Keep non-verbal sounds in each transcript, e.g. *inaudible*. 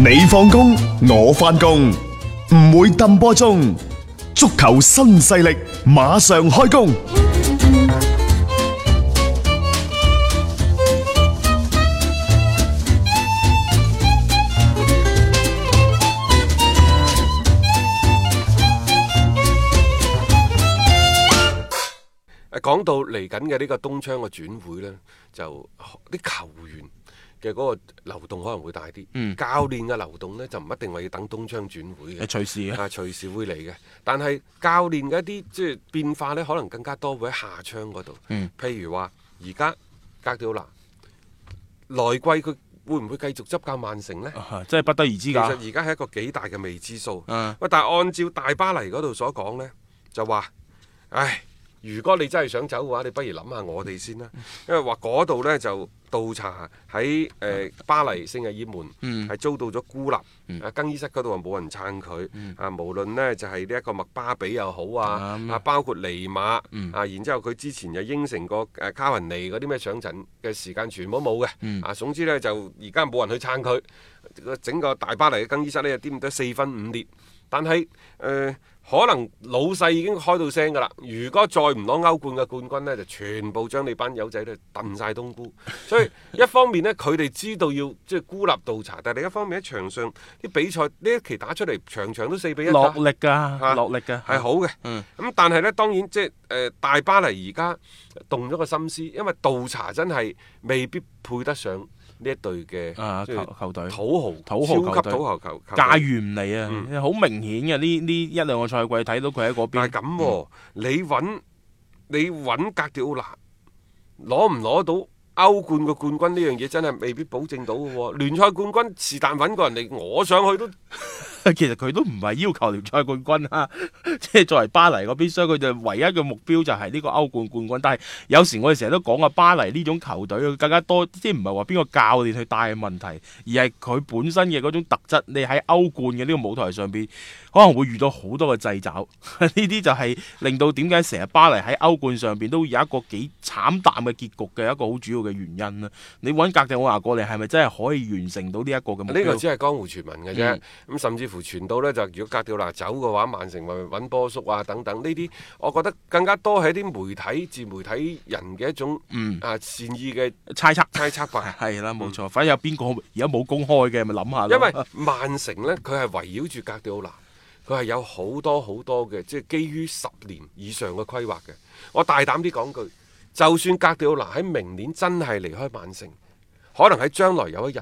你放工，我翻工，唔會噏波鐘。足球新勢力馬上開工。誒，講到嚟緊嘅呢個冬窗嘅轉會咧，就啲球員嘅嗰個流動可能會大啲，嗯、教練嘅流動呢，就唔一定話要等冬窗轉會嘅，係隨時嘅，係隨時隨會嚟嘅。但係教練嘅一啲即係變化呢，可能更加多會喺下窗嗰度。嗯、譬如話，而家瓜迪奧拉內季佢會唔會繼續執教曼城呢？啊、真係不得而知。其實而家係一個幾大嘅未知數。喂、啊，但係按照大巴黎嗰度所講呢，就話，唉，如果你真係想走嘅話，你不如諗下我哋先啦，因為話嗰度呢，就。就倒查喺誒巴黎聖日耳門係、嗯、遭到咗孤立，啊、嗯、更衣室嗰度、嗯、啊冇人撐佢，啊無論呢就係呢一個麥巴比又好、嗯、啊，啊包括尼馬、嗯、啊，然之後佢之前就應承過誒卡雲尼嗰啲咩上陣嘅時間全部都冇嘅，嗯、啊總之呢，就而家冇人去撐佢，整個大巴黎嘅更衣室呢，有啲咁多四分五裂，但係誒、呃、可能老細已經開到聲㗎啦，如果再唔攞歐冠嘅冠軍呢，就全部將你班友仔都燉晒冬菇。 *laughs* 一方面呢，佢哋知道要即係孤立倒查，但係另一方面喺場上啲比賽呢一期打出嚟，場場都四比一落力㗎，啊、落力嘅係好嘅。咁、嗯嗯、但係呢，當然即係誒、呃、大巴黎而家動咗個心思，因為倒查真係未必配得上呢一隊嘅啊、就是、球球隊土豪土豪級土豪球球隊，駕馭唔嚟啊。好明顯嘅呢呢一兩個賽季睇到佢喺嗰邊，但係咁喎，你揾你揾格迪奧拿攞唔攞到？歐冠嘅冠軍呢樣嘢真係未必保證到嘅喎、哦，聯賽冠軍是但揾個人嚟，我上去都。 *laughs* 其實佢都唔係要求聯賽冠軍啊，即 *laughs* 係作為巴黎個必須，佢哋唯一嘅目標就係呢個歐冠冠軍。但係有時我哋成日都講阿巴黎呢種球隊更加多，即係唔係話邊個教練去帶嘅問題，而係佢本身嘅嗰種特質。你喺歐冠嘅呢個舞台上邊，可能會遇到好多個掣肘，呢 *laughs* 啲就係令到點解成日巴黎喺歐冠上邊都有一個幾慘淡嘅結局嘅一個好主要嘅原因啦。你揾瓜迪奧拉過嚟係咪真係可以完成到呢一個嘅？呢個只係江湖傳聞嘅啫。咁、嗯、甚至乎。傳到咧，就如果哥迪奧拿走嘅話，曼城咪揾波叔啊等等呢啲，我覺得更加多係一啲媒體、自媒體人嘅一種啊善意嘅猜測、嗯、猜測吧，係啦，冇錯。嗯、反正有邊個而家冇公開嘅，咪諗下咯。因為曼城呢，佢係圍繞住哥迪奧拿，佢係有好多好多嘅，即係基於十年以上嘅規劃嘅。我大膽啲講句，就算哥迪奧拿喺明年真係離開曼城，可能喺將來有一日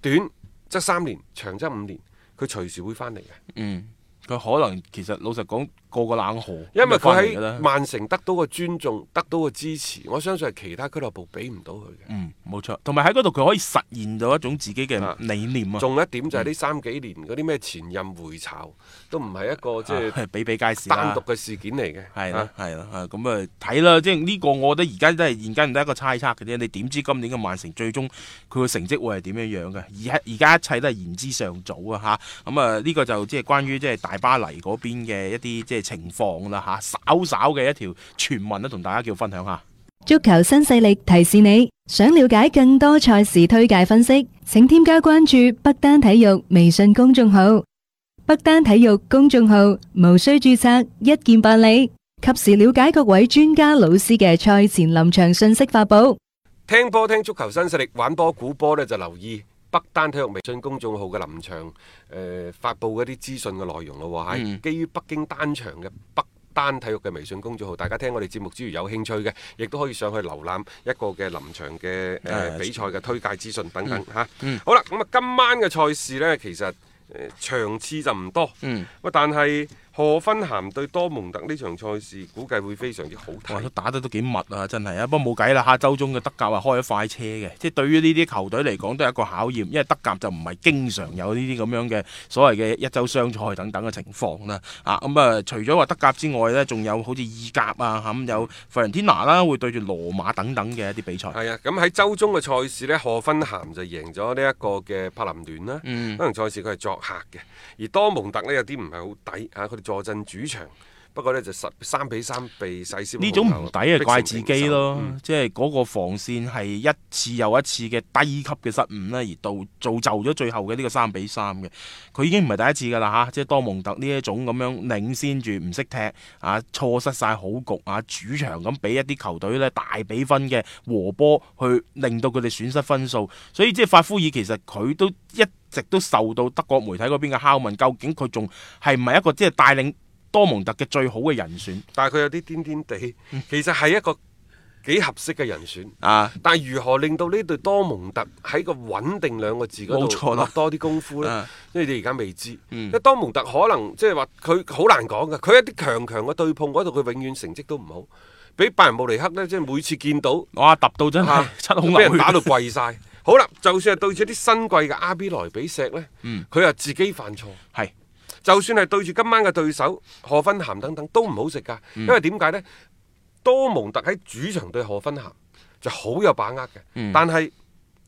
短則三年，長則三年，長則五年。佢隨時會返嚟嘅。嗯，佢可能其實老實講。個個冷酷，因為佢喺曼城得到嘅尊重，得到嘅支持，是我相信係其他俱樂部俾唔到佢嘅。嗯，冇錯，同埋喺嗰度佢可以實現到一種自己嘅理念啊。仲、啊、有一點就係呢三幾年嗰啲咩前任回巢都唔係一個即係、就是啊、比比皆是，單獨嘅事件嚟、啊、嘅。係啦、啊，係、啊、啦，咁啊睇啦、嗯啊啊，即係呢個我覺得而家都係而家唔得一個猜測嘅啫。你點知今年嘅曼城最終佢嘅成績會係點樣樣嘅？而係而家一切都係言之尚早啊！吓咁啊，呢、啊這個就即係關於即係大巴黎嗰邊嘅一啲即、啊啊情況啦吓，稍稍嘅一條傳聞咧，同大家叫分享下。足球新勢力提示你，想了解更多賽事推介分析，請添加關注北單體育微信公眾號。北單體育公眾號無需注冊，一鍵辦理，及時了解各位專家老師嘅賽前臨場信息發布。聽波聽足球新勢力，玩波估波呢就留意。北單體育微信公眾號嘅臨場誒、呃、發佈嗰啲資訊嘅內容咯喎，喺、嗯、基於北京單場嘅北單體育嘅微信公眾號，大家聽我哋節目之餘有興趣嘅，亦都可以上去瀏覽一個嘅臨場嘅誒、呃、比賽嘅推介資訊等等嚇。啊嗯嗯、好啦，咁啊今晚嘅賽事呢，其實誒場、呃、次就唔多，嗯，但係，賀芬咸對多蒙特呢場賽事估計會非常之好睇，哇！都打得都幾密啊，真係啊！不過冇計啦，下周中嘅德甲啊開咗快車嘅，即係對於呢啲球隊嚟講都係一個考驗，因為德甲就唔係經常有呢啲咁樣嘅所謂嘅一周雙賽等等嘅情況啦。啊，咁、嗯、啊，除咗話德甲之外呢，仲有好似意甲啊，咁有佛蘭天拿啦，會對住羅馬等等嘅一啲比賽。係啊，咁喺周中嘅賽事呢，賀芬咸就贏咗呢一個嘅柏林聯啦。嗯。嗰場賽事佢係作客嘅，而多蒙特呢，有啲唔係好抵嚇佢哋。坐鎮主場，不過呢就三比三被細些。呢種唔抵啊，怪自己咯，嗯、即係嗰個防線係一次又一次嘅低級嘅失誤咧，而造造就咗最後嘅呢個三比三嘅。佢已經唔係第一次㗎啦嚇，即係多蒙特呢一種咁樣領先住唔識踢啊，錯失晒好局啊，主場咁俾一啲球隊呢大比分嘅和波，去令到佢哋損失分數。所以即係法夫爾其實佢都一直都受到德國媒體嗰邊嘅拷問，究竟佢仲係唔係一個即係帶領多蒙特嘅最好嘅人選？但係佢有啲癲癲地，其實係一個幾合適嘅人選啊！但係如何令到呢隊多蒙特喺個穩定兩個字嗰度落多啲功夫呢？咧、啊？你而家未知，嗯、多蒙特可能即係話佢好難講嘅，佢一啲強強嘅對碰嗰度，佢永遠成績都唔好。俾拜仁慕尼克呢，即係每次見到哇揼到真係，七孔俾人打到跪晒。好啦，就算係對住啲新貴嘅阿比來比錫呢，佢又、嗯、自己犯錯，係是，就算係對住今晚嘅對手賀芬咸等等都唔好食噶，嗯、因為點解呢？多蒙特喺主場對賀芬咸就好有把握嘅，嗯、但係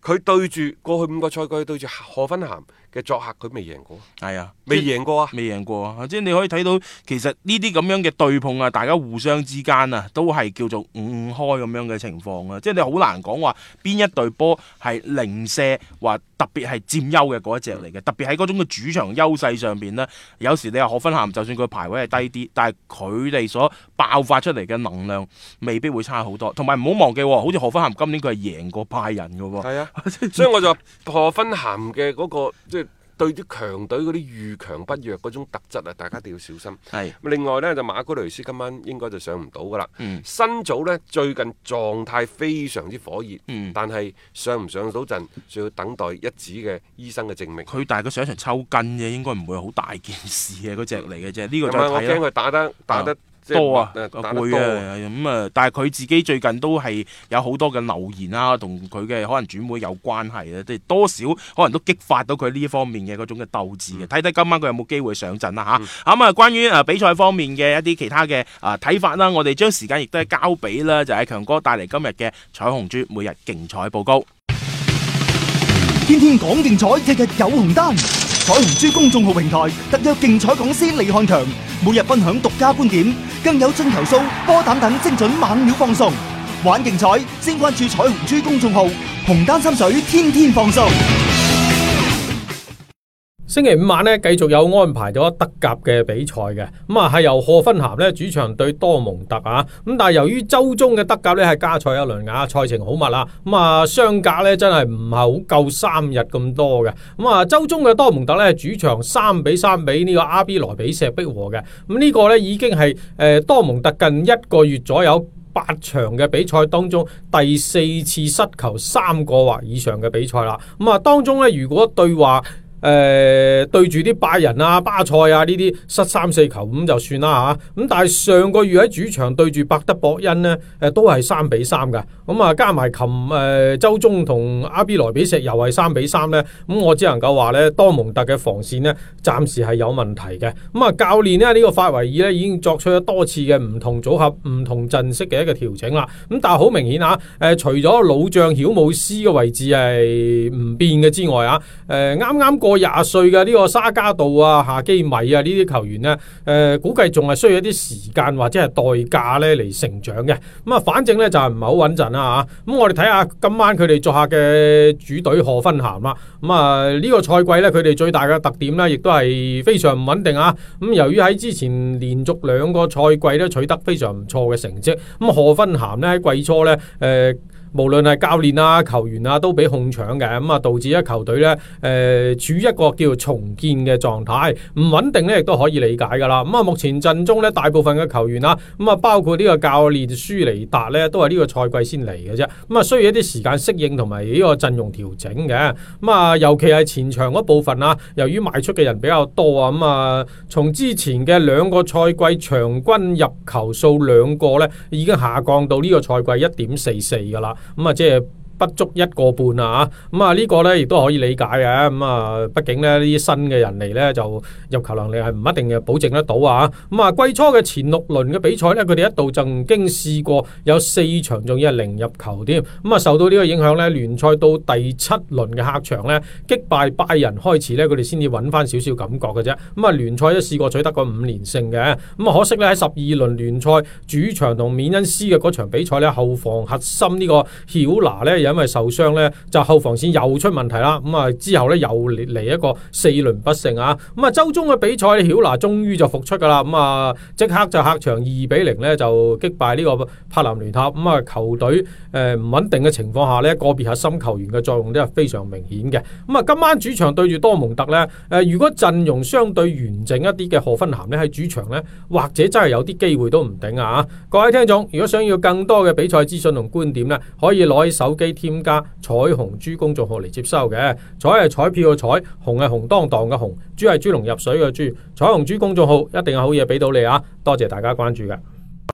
佢對住過去五個賽季對住賀芬咸。嘅作客佢未贏過，係啊，未贏過啊，未贏過啊，即係你可以睇到，其實呢啲咁樣嘅對碰啊，大家互相之間啊，都係叫做五五開咁樣嘅情況啊，即係你好難講話邊一隊波係零舍或特別係佔優嘅嗰一隻嚟嘅。嗯、特別喺嗰種嘅主場優勢上邊咧，有時你話何芬咸就算佢排位係低啲，但係佢哋所爆發出嚟嘅能量未必會差好多。同埋唔好忘記喎，好似何芬咸今年佢係贏過拜仁嘅喎。係啊，所以我就何芬咸嘅嗰、嗰個即、就係對啲強隊嗰啲遇強不弱嗰種特質啊，大家一定要小心。係是，另外呢，就馬奎雷斯今晚應該就上唔到㗎喇。嗯、新組呢，最近狀態非常之火熱，嗯、但係上唔上到陣，仲要等待一指嘅醫生嘅證明。佢但係佢上場抽筋嘅，應該唔會好大件事嘅嗰隻嚟嘅啫。呢個就睇下、嗯、我驚佢打得打得。打得嗯多啊，攰啊，咁啊，但係佢自己最近都係有好多嘅留言啦、啊，同佢嘅可能轉會有關係啊。即係多少可能都激發到佢呢方面嘅嗰種嘅鬥志嘅，睇睇、嗯、今晚佢有冇機會上陣啊？吓、嗯。咁啊，關於啊比賽方面嘅一啲其他嘅啊睇法啦、啊，我哋將時間亦都係交俾啦，就係、是、強哥帶嚟今日嘅彩虹珠每日競彩報告。天天講競彩，日日有紅燈。彩虹珠公眾號平台特約競彩講師李漢強每日分享獨家觀點，更有進球數、波膽等精準猛料放送。玩競彩，先關注彩虹珠公眾號，紅單心水，天天放送。星期五晚咧，繼續有安排咗德甲嘅比賽嘅，咁啊係由霍芬咸咧主場對多蒙特啊，咁、嗯、但係由於周中嘅德甲咧係加賽一輪啊，賽程好密啦，咁、嗯、啊相隔咧真係唔係好夠三日咁多嘅，咁、嗯、啊周中嘅多蒙特咧主場三比三比呢個阿比萊比錫逼和嘅，咁、嗯這個、呢個咧已經係誒、呃、多蒙特近一個月左右八場嘅比賽當中第四次失球三個或以上嘅比賽啦，咁、嗯、啊當中咧如果對話。誒、呃，對住啲拜仁啊、巴塞啊呢啲失三四球咁、嗯、就算啦吓、啊，咁但係上個月喺主場對住伯德博恩呢誒都係三比三噶咁、嗯、啊加埋琴誒、呃、周中同阿比萊比錫又係三比三呢，咁、嗯、我只能夠話呢多蒙特嘅防綫呢暫時係有問題嘅，咁、嗯、啊教練咧呢、呢個法維爾呢已經作出咗多次嘅唔同組合、唔同陣式嘅一個調整啦，咁、嗯、但係好明顯啊，誒、呃、除咗老將曉姆斯嘅位置係唔變嘅之外啊，誒啱啱過。個廿歲嘅呢個沙加道啊、夏基米啊呢啲球員呢，誒、呃、估計仲係需要一啲時間或者係代價呢嚟成長嘅。咁啊，反正呢就係唔係好穩陣啦吓。咁、嗯、我哋睇下今晚佢哋作客嘅主隊賀芬咸、嗯、啊。咁啊，呢個賽季呢，佢哋最大嘅特點呢，亦都係非常唔穩定啊。咁、嗯、由於喺之前連續兩個賽季呢取得非常唔錯嘅成績，咁賀芬咸呢，喺季初呢。誒、呃。無論係教練啊、球員啊，都俾控搶嘅，咁、嗯、啊導致一球隊呢誒、呃、處於一個叫做重建嘅狀態，唔穩定呢，亦都可以理解噶啦。咁、嗯、啊，目前陣中呢，大部分嘅球員啊，咁、嗯、啊包括呢個教練舒尼達呢，都係呢個賽季先嚟嘅啫，咁、嗯、啊需要一啲時間適應同埋呢個陣容調整嘅。咁、嗯、啊，尤其係前場嗰部分啊，由於賣出嘅人比較多、嗯、啊，咁啊，從之前嘅兩個賽季場均入球數兩個呢已經下降到呢個賽季一點四四噶啦。咁啊，即係，不足一個半啊！咁、嗯、啊，呢、呢個呢亦都可以理解嘅、啊。咁、嗯、啊，畢竟呢啲新嘅人嚟呢，就入球能力係唔一定嘅，保證得到啊！咁、嗯、啊，季初嘅前六輪嘅比賽呢，佢哋一度曾經試過有四場仲要係零入球添。咁啊，受到呢個影響呢，聯賽到第七輪嘅客場呢，擊敗拜仁開始呢，佢哋先至揾翻少少感覺嘅啫。咁、嗯、啊，聯賽都試過取得過五連勝嘅。咁、嗯、啊，可惜呢，喺十二輪聯賽主場同緬恩斯嘅嗰場比賽呢，後防核心呢個曉拿呢有。因為受傷咧，就後防線又出問題啦。咁啊，之後咧又嚟一個四輪不勝啊。咁啊，周中嘅比賽，曉娜終於就復出噶啦。咁啊，即刻就客場二比零咧就擊敗呢個柏林聯塔。咁啊，球隊誒唔穩定嘅情況下咧，個別核心球員嘅作用都係非常明顯嘅。咁啊，今晚主場對住多蒙特咧，誒如果陣容相對完整一啲嘅賀芬咸咧喺主場咧，或者真係有啲機會都唔定啊。各位聽眾，如果想要更多嘅比賽資訊同觀點咧，可以攞起手機。添加彩虹豬公眾號嚟接收嘅。彩係彩票嘅彩，紅係紅當當嘅紅，豬係豬籠入水嘅豬。彩虹豬公眾號一定有好嘢俾到你啊！多謝大家關注嘅。